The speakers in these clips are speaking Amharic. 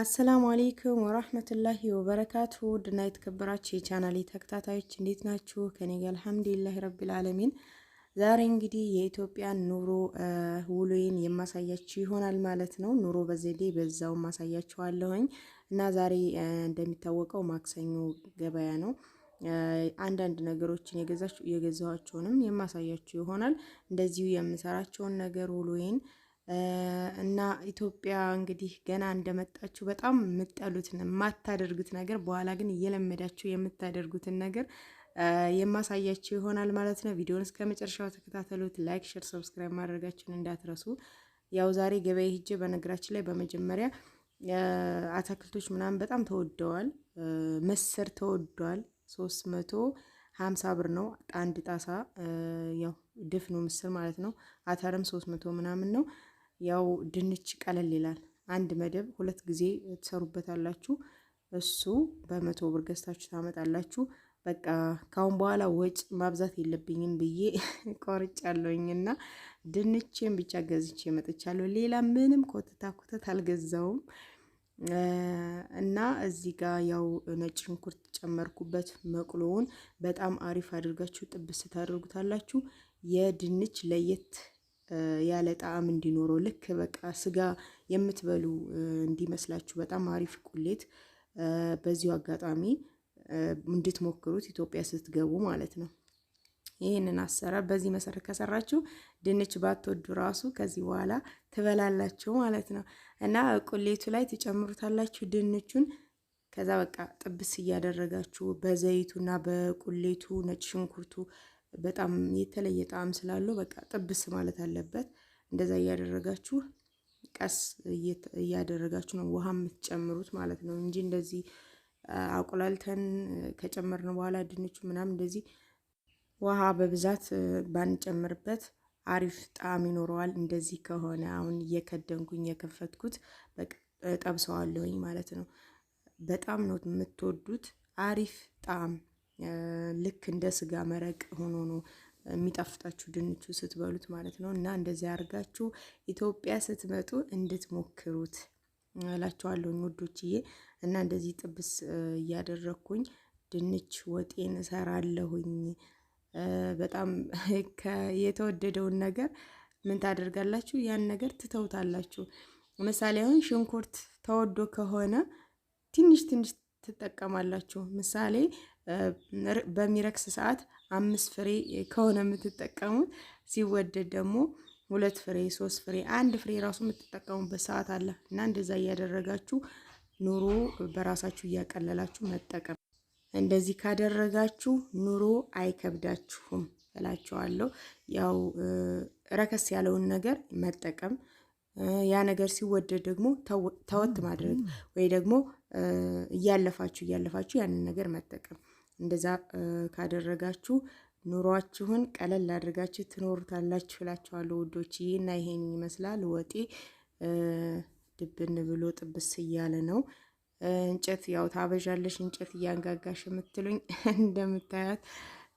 አሰላሙ አሌይኩም ወራህመቱላሂ ወበረካቱ ድና የተከበራችሁ የቻናሌ ተከታታዮች እንዴት ናችሁ? ከኔ ጋር አልሐምዱሊላህ ረቢል ዓለሚን። ዛሬ እንግዲህ የኢትዮጵያን ኑሮ ውሎዬን የማሳያችሁ ይሆናል ማለት ነው። ኑሮ በዘዴ በዛው ማሳያችኋለሁኝ እና ዛሬ እንደሚታወቀው ማክሰኞ ገበያ ነው። አንዳንድ ነገሮችን የገዛኋቸውንም የማሳያችሁ ይሆናል። እንደዚሁ የምሰራቸውን ነገር ውሎዬን እና ኢትዮጵያ እንግዲህ ገና እንደመጣችሁ በጣም የምጠሉትን የማታደርጉት ነገር በኋላ ግን እየለመዳችሁ የምታደርጉትን ነገር የማሳያችሁ ይሆናል ማለት ነው። ቪዲዮን እስከ መጨረሻው ተከታተሉት። ላይክ፣ ሼር፣ ሰብስክራይብ ማድረጋችሁን እንዳትረሱ። ያው ዛሬ ገበያ ሂጄ በነገራችን ላይ በመጀመሪያ አትክልቶች ምናምን በጣም ተወደዋል። ምስር ተወደዋል። ሶስት መቶ ሀምሳ ብር ነው አንድ ጣሳ፣ ያው ድፍኑ ምስር ማለት ነው። አተርም ሶስት መቶ ምናምን ነው። ያው ድንች ቀለል ይላል። አንድ መደብ ሁለት ጊዜ ትሰሩበታላችሁ። እሱ በመቶ ብር ገዝታችሁ ታመጣላችሁ። በቃ ካሁን በኋላ ወጭ ማብዛት የለብኝም ብዬ ቆርጫለሁኝ እና ድንቼን ብቻ ገዝቼ መጥቻለሁ። ሌላ ምንም ኮተታ ኮተት አልገዛውም። እና እዚህ ጋር ያው ነጭ ሽንኩርት ጨመርኩበት። መቁሎውን በጣም አሪፍ አድርጋችሁ ጥብስ ታደርጉታላችሁ። የድንች ለየት ያለ ጣዕም እንዲኖረው ልክ በቃ ስጋ የምትበሉ እንዲመስላችሁ በጣም አሪፍ ቁሌት በዚሁ አጋጣሚ እንድትሞክሩት ኢትዮጵያ ስትገቡ ማለት ነው። ይህንን አሰራር በዚህ መሰረት ከሰራችሁ ድንች ባትወዱ ራሱ ከዚህ በኋላ ትበላላችሁ ማለት ነው እና ቁሌቱ ላይ ትጨምሩታላችሁ ድንቹን። ከዛ በቃ ጥብስ እያደረጋችሁ በዘይቱና በቁሌቱ ነጭ ሽንኩርቱ በጣም የተለየ ጣዕም ስላለው በቃ ጥብስ ማለት አለበት። እንደዛ እያደረጋችሁ ቀስ እያደረጋችሁ ነው ውሃ የምትጨምሩት ማለት ነው እንጂ እንደዚህ አቁላልተን ከጨመርን በኋላ ድንቹ ምናምን እንደዚህ ውሃ በብዛት ባንጨምርበት አሪፍ ጣዕም ይኖረዋል። እንደዚህ ከሆነ አሁን እየከደንኩኝ የከፈትኩት ጠብሰዋለሁኝ ማለት ነው። በጣም ነው የምትወዱት አሪፍ ጣዕም ልክ እንደ ስጋ መረቅ ሆኖ ነው የሚጣፍጣችሁ ድንቹ ስትበሉት ማለት ነው። እና እንደዚያ አድርጋችሁ ኢትዮጵያ ስትመጡ እንድትሞክሩት እላችኋለሁኝ ውዶችዬ። እና እንደዚህ ጥብስ እያደረግኩኝ ድንች ወጤን እሰራለሁኝ። በጣም የተወደደውን ነገር ምን ታደርጋላችሁ? ያን ነገር ትተውታላችሁ። ምሳሌ አሁን ሽንኩርት ተወዶ ከሆነ ትንሽ ትንሽ ትጠቀማላችሁ። ምሳሌ በሚረክስ ሰዓት አምስት ፍሬ ከሆነ የምትጠቀሙት ሲወደድ ደግሞ ሁለት ፍሬ፣ ሶስት ፍሬ፣ አንድ ፍሬ ራሱ የምትጠቀሙበት ሰዓት አለ እና እንደዛ እያደረጋችሁ ኑሮ በራሳችሁ እያቀለላችሁ መጠቀም እንደዚህ ካደረጋችሁ ኑሮ አይከብዳችሁም እላቸዋለሁ። ያው ረከስ ያለውን ነገር መጠቀም ያ ነገር ሲወደድ ደግሞ ተወት ማድረግ ወይ ደግሞ እያለፋችሁ እያለፋችሁ ያንን ነገር መጠቀም እንደዛ ካደረጋችሁ ኑሯችሁን ቀለል አድርጋችሁ ትኖሩታላችሁ እላችኋለሁ ውዶች። ይህና ይሄን ይመስላል ወጤ ድብን ብሎ ጥብስ እያለ ነው። እንጨት ያው ታበዣለሽ እንጨት እያንጋጋሽ የምትሉኝ እንደምታያት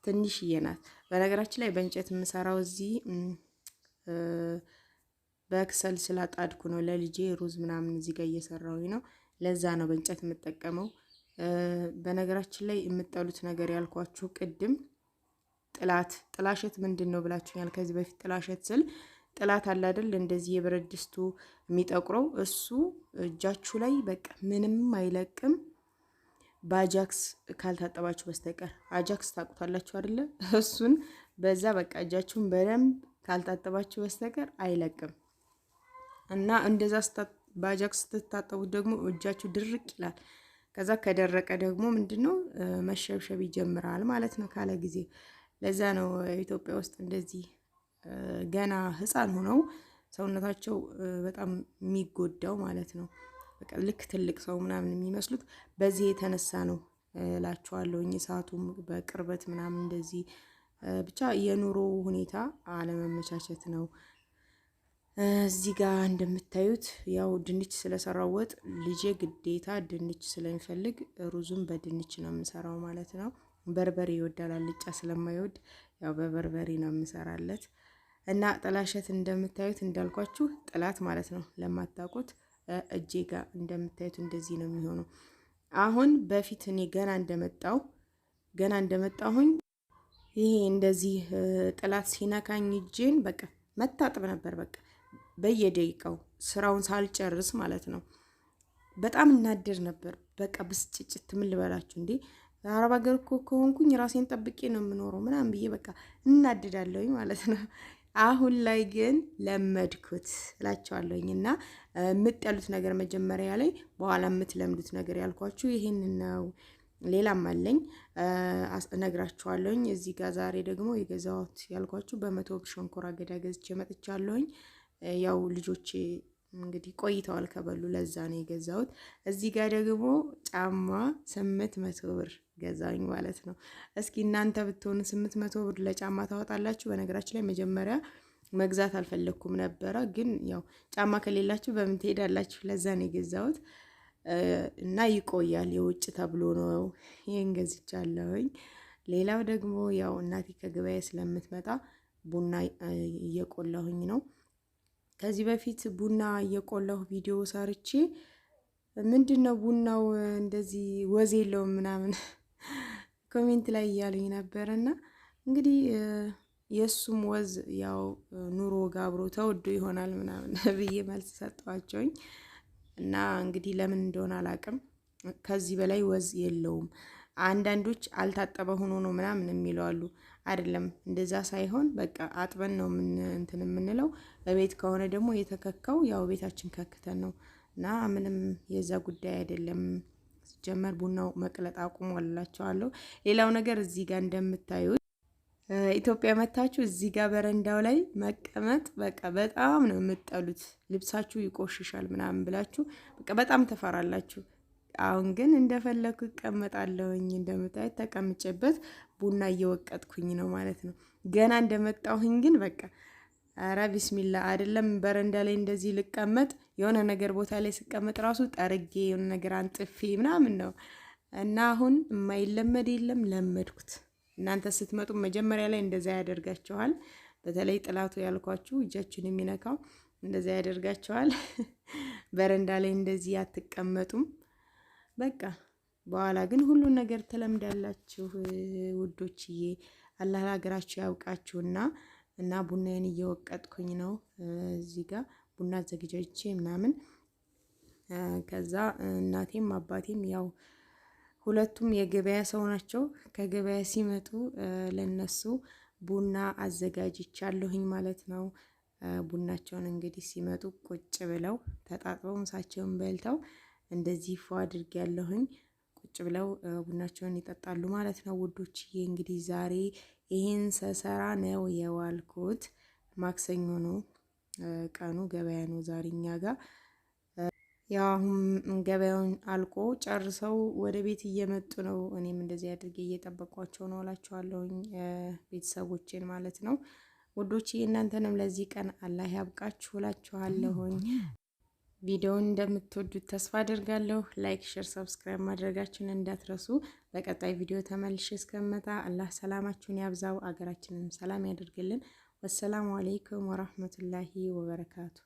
ትንሽዬ ናት። በነገራችን ላይ በእንጨት የምሰራው እዚህ በክሰል ስላጣድኩ ነው። ለልጄ ሩዝ ምናምን እዚህ ጋር እየሰራሁኝ ነው። ለዛ ነው በእንጨት የምጠቀመው። በነገራችን ላይ የምጠሉት ነገር ያልኳችሁ ቅድም ጥላት ጥላሸት ምንድን ነው ብላችሁኛል። ከዚህ በፊት ጥላሸት ስል ጥላት አለ አይደል? እንደዚህ የብረት ድስቱ የሚጠቁረው እሱ እጃችሁ ላይ በቃ ምንም አይለቅም፣ በአጃክስ ካልታጠባችሁ በስተቀር አጃክስ ታቁታላችሁ አይደለ? እሱን በዛ በቃ እጃችሁን በደንብ ካልታጠባችሁ በስተቀር አይለቅም እና እንደዛ በአጃክስ ስትታጠቡት ደግሞ እጃችሁ ድርቅ ይላል። ከዛ ከደረቀ ደግሞ ምንድን ነው መሸብሸብ ይጀምራል ማለት ነው ካለ ጊዜ። ለዛ ነው ኢትዮጵያ ውስጥ እንደዚህ ገና ህፃን ሆነው ሰውነታቸው በጣም የሚጎዳው ማለት ነው። በቃ ልክ ትልቅ ሰው ምናምን የሚመስሉት በዚህ የተነሳ ነው እላችኋለሁ። እሳቱም በቅርበት ምናምን እንደዚህ ብቻ የኑሮ ሁኔታ አለመመቻቸት ነው። እዚህ ጋር እንደምታዩት ያው ድንች ስለሰራው ወጥ ልጄ ግዴታ ድንች ስለሚፈልግ ሩዙም በድንች ነው የምሰራው ማለት ነው። በርበሬ ይወዳል፣ አልጫ ስለማይወድ ያው በበርበሬ ነው የምሰራለት እና ጥላሸት እንደምታዩት እንዳልኳችሁ ጥላት ማለት ነው። ለማታውቁት እጄ ጋ እንደምታዩት እንደዚህ ነው የሚሆነው። አሁን በፊት እኔ ገና እንደመጣው ገና እንደመጣሁኝ ይሄ እንደዚህ ጥላት ሲነካኝ እጄን በቃ መታጠብ ነበር በቃ በየደቂቃው ስራውን ሳልጨርስ ማለት ነው። በጣም እናደር ነበር። በቃ ብስጭጭት ምን ልበላችሁ እንዴ አረብ ሀገር እኮ ከሆንኩኝ ራሴን ጠብቄ ነው የምኖረው ምናምን ብዬ በቃ እናድዳለሁኝ ማለት ነው። አሁን ላይ ግን ለመድኩት እላቸዋለሁኝ። እና ምጥ ያሉት ነገር መጀመሪያ ላይ በኋላ የምትለምዱት ነገር ያልኳችሁ ይህን ነው። ሌላም አለኝ እነግራችኋለሁኝ። እዚህ ጋር ዛሬ ደግሞ የገዛሁት ያልኳችሁ በመቶ ብር ሸንኮራ አገዳ ገዝቼ መጥቻለሁኝ። ያው ልጆቼ እንግዲህ ቆይተዋል ከበሉ ለዛ ነው የገዛሁት። እዚህ ጋር ደግሞ ጫማ ስምንት መቶ ብር ገዛኝ ማለት ነው። እስኪ እናንተ ብትሆኑ ስምንት መቶ ብር ለጫማ ታወጣላችሁ? በነገራችን ላይ መጀመሪያ መግዛት አልፈለግኩም ነበረ፣ ግን ያው ጫማ ከሌላችሁ በምን ትሄዳላችሁ? ለዛ ነው የገዛሁት እና ይቆያል። የውጭ ተብሎ ነው ይህን ገዝቻለሁኝ። ሌላው ደግሞ ያው እናቴ ከገበያ ስለምትመጣ ቡና እየቆላሁኝ ነው ከዚህ በፊት ቡና እየቆላሁ ቪዲዮ ሰርቼ ምንድን ነው ቡናው እንደዚህ ወዝ የለውም ምናምን ኮሜንት ላይ እያሉኝ ነበረና እንግዲህ የእሱም ወዝ ያው ኑሮ ጋብሮ ተወዶ ይሆናል ምናምን ብዬ መልስ ሰጠዋቸውኝ እና እንግዲህ ለምን እንደሆነ አላቅም ከዚህ በላይ ወዝ የለውም። አንዳንዶች አልታጠበ ሆኖ ነው ምናምን የሚለው አሉ። አይደለም እንደዛ ሳይሆን በቃ አጥበን ነው እንትን የምንለው። በቤት ከሆነ ደግሞ የተከካው ያው ቤታችን ከክተን ነው እና ምንም የዛ ጉዳይ አይደለም። ሲጀመር ቡናው መቅለጥ አቁሞ አላቸዋለሁ። ሌላው ነገር እዚህ ጋር እንደምታዩት ኢትዮጵያ መታችሁ እዚህ ጋር በረንዳው ላይ መቀመጥ በቃ በጣም ነው የምጠሉት። ልብሳችሁ ይቆሽሻል ምናምን ብላችሁ በቃ በጣም ትፈራላችሁ። አሁን ግን እንደፈለግኩ ይቀመጣለሁኝ። እንደምታየት ተቀምጬበት ቡና እየወቀጥኩኝ ነው ማለት ነው። ገና እንደመጣሁኝ ግን በቃ አረ ቢስሚላ አይደለም በረንዳ ላይ እንደዚህ ልቀመጥ የሆነ ነገር ቦታ ላይ ስቀመጥ ራሱ ጠርጌ የሆነ ነገር አንጥፌ ምናምን ነው እና አሁን የማይለመድ የለም ለመድኩት። እናንተ ስትመጡ መጀመሪያ ላይ እንደዛ ያደርጋችኋል። በተለይ ጥላቱ ያልኳችሁ እጃችሁን የሚነካው እንደዛ ያደርጋችኋል። በረንዳ ላይ እንደዚህ አትቀመጡም። በቃ በኋላ ግን ሁሉን ነገር ትለምዳላችሁ ውዶችዬ። አላህ ሀገራችሁ ያውቃችሁና እና ቡናዬን እየወቀጥኩኝ ነው እዚህ ጋር ቡና አዘገጃጅቼ ምናምን ከዛ እናቴም አባቴም ያው ሁለቱም የገበያ ሰው ናቸው። ከገበያ ሲመጡ ለነሱ ቡና አዘጋጅቻለሁኝ ማለት ነው። ቡናቸውን እንግዲህ ሲመጡ ቁጭ ብለው ተጣጥበው ምሳቸውን በልተው እንደዚህ ፎ አድርግ ያለሁኝ ቁጭ ብለው ቡናቸውን ይጠጣሉ ማለት ነው ውዶችዬ። እንግዲህ ዛሬ ይህን ሰሰራ ነው የዋልኩት። ማክሰኞ ነው ቀኑ፣ ገበያ ነው ዛሬ እኛ ጋር። ያው አሁን ገበያውን አልቆ ጨርሰው ወደ ቤት እየመጡ ነው። እኔም እንደዚህ አድርጌ እየጠበቋቸው ነው እላቸዋለሁኝ፣ ቤተሰቦቼን ማለት ነው ውዶችዬ። እናንተንም ለዚህ ቀን አላህ ያብቃችሁ እላችኋለሁኝ። ቪዲዮውን እንደምትወዱት ተስፋ አድርጋለሁ። ላይክ፣ ሼር፣ ሰብስክራይብ ማድረጋችን እንዳትረሱ። በቀጣይ ቪዲዮ ተመልሼ እስከመጣ አላህ ሰላማችሁን ያብዛው፣ አገራችንንም ሰላም ያደርግልን። ወሰላሙ አሌይኩም ወራህመቱላሂ ወበረካቱ።